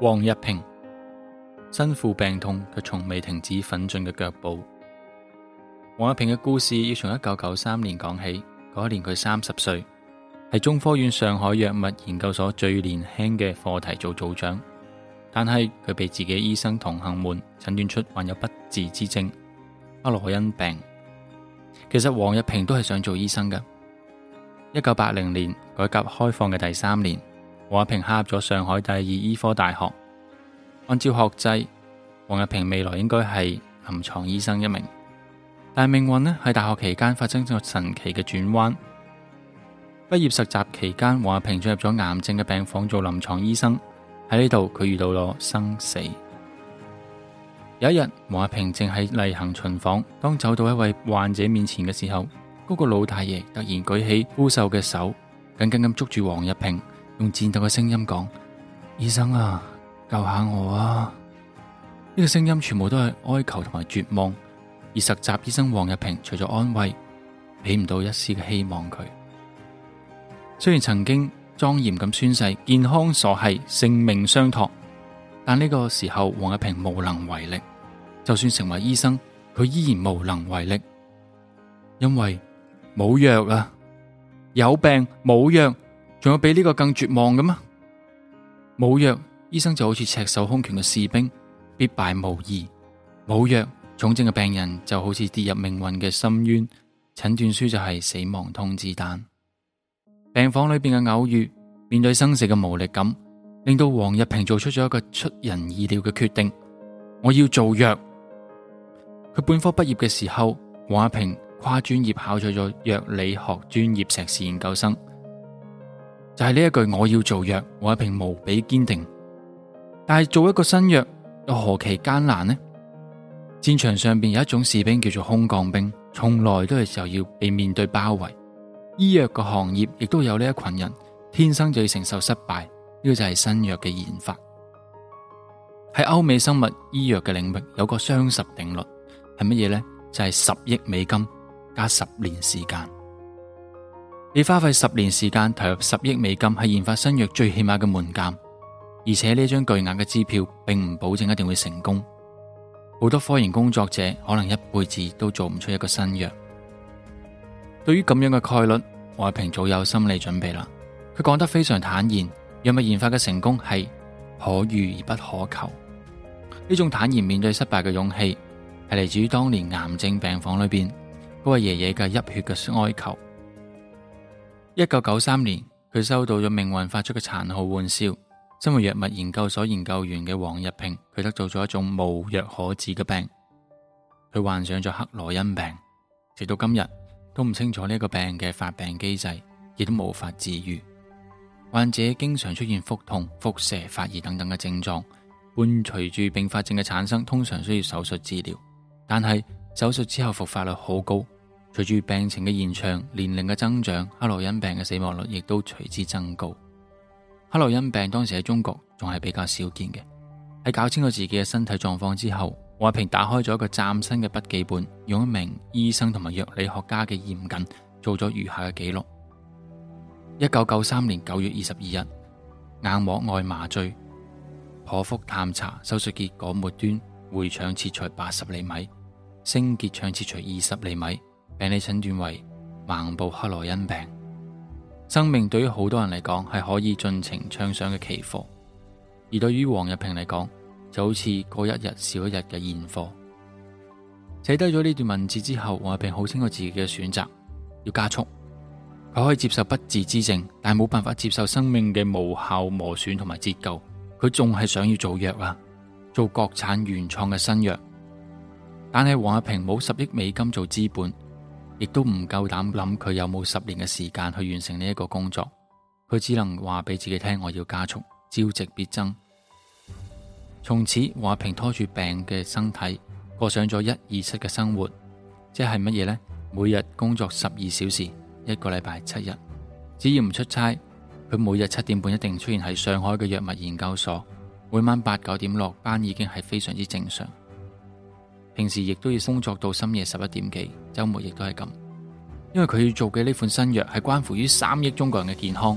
王逸平身負病痛，卻從未停止奮進嘅腳步。王逸平嘅故事要從一九九三年講起。嗰一年佢三十歲，係中科院上海藥物研究所最年輕嘅課題組組長。但係佢被自己的醫生同行們診斷出患有不治之症克羅恩病。其實王逸平都係想做醫生嘅。一九八零年，改革開放嘅第三年，王逸平考入咗上海第二醫科大學。按照學制，王逸平未來應該係臨牀醫生一名。但命運呢喺大學期間發生咗神奇嘅轉彎。畢業實習期間，王逸平進入咗癌症嘅病房做臨牀醫生。喺呢度，佢遇到咗生死。有一日，王逸平正喺例行巡訪，當走到一位患者面前嘅時候。嗰、個老大爺突然舉起枯瘦嘅手，緊緊咁捉住王逸平，用顫抖嘅聲音講：醫生啊，救下我啊！呢、個聲音全部都係哀求同埋絕望。而實習醫生王逸平除咗安慰，俾唔到一絲嘅希望佢。雖然曾經莊嚴咁宣誓健康所係，性命相託，但呢個時候王逸平無能為力。就算成為醫生，佢依然無能為力，因為。冇藥啊！有病冇藥，仲有比呢個更絕望嘅嗎？冇藥，醫生就好似赤手空拳嘅士兵，必敗無疑。冇藥，重症嘅病人就好似跌入命運嘅深淵，診斷書就係死亡通知單。病房裏邊嘅偶遇，面對生死嘅無力感，令到王逸平做出咗一個出人意料嘅決定：我要做藥。佢本科畢業嘅時候，王逸平，跨專業考取咗藥理學專業碩士研究生，就係呢一句我要做藥，我一平無比堅定。但係做一個新藥又何其艱難呢？戰場上邊有一種士兵叫做空降兵，從來都係就要被面對包圍。醫藥個行業亦都有呢一群人，天生就要承受失敗。呢個就係新藥嘅研發。喺歐美生物醫藥嘅領域有個雙十定律，係乜嘢呢？就係十億美金。加十年時間，你花費十年時間投入十億美金係研發新藥最起碼嘅門檻，而且呢張巨額嘅支票並唔保證一定會成功。好多科研工作者可能一輩子都做唔出一個新藥。對於咁樣嘅概率，王逸平早有心理準備啦。佢講得非常坦然，藥物研發嘅成功係可遇而不可求。呢種坦然面對失敗嘅勇氣，係嚟自於當年癌症病房裏邊，嗰個爺爺嘅泣血嘅哀求。一九九三年，佢收到咗命運發出嘅殘酷玩笑。身為藥物研究所研究員嘅王逸平，佢得到咗一種無藥可治嘅病。佢患上咗克羅恩病，直到今日都唔清楚呢個病嘅發病機製，亦都無法治癒。患者經常出現腹痛、腹瀉、發熱等等嘅症狀，伴隨住併發症嘅產生，通常需要手術治療。但係手術之後復發率好高。隨住病情嘅延長，年齡嘅增長，克羅恩病嘅死亡率亦都隨之增高。克羅恩病當時喺中國仲係比較少見嘅。喺搞清楚自己嘅身體狀況之後，王逸平打開咗一個嶄新嘅筆記本，用一名醫生同埋藥理學家嘅嚴謹做咗如下嘅記錄：一九九三年九月二十二日，硬膜外麻醉，剖腹探查手術結果：末端回腸切除八十厘米，升結腸切除二十厘米。病理診斷為盲部克羅恩病，生命對於好多人嚟講係可以盡情暢想嘅期貨，而對於王逸平嚟講就好似過一日少一日嘅現貨。寫低咗呢段文字之後，王逸平好清楚自己嘅選擇，要加速。佢可以接受不治之症，但係冇辦法接受生命嘅無效磨損同埋折舊。佢仲係想要做藥啊，做國產原創嘅新藥。但係王逸平冇十億美金做資本。亦都唔夠膽諗佢有冇十年嘅時間去完成呢一個工作，佢只能話俾自己聽，我要加速，朝夕必爭。從此，華平拖住病嘅身體，過上咗一、二、七嘅生活，即係乜嘢呢？每日工作十二小時，一個禮拜七日，只要唔出差，佢每日七點半一定出現喺上海嘅藥物研究所，每晚八九點落班已經係非常之正常。平時亦都要工作到深夜十一點幾，周末亦都係咁，因為佢要做嘅呢款新藥係關乎於三億中國人嘅健康。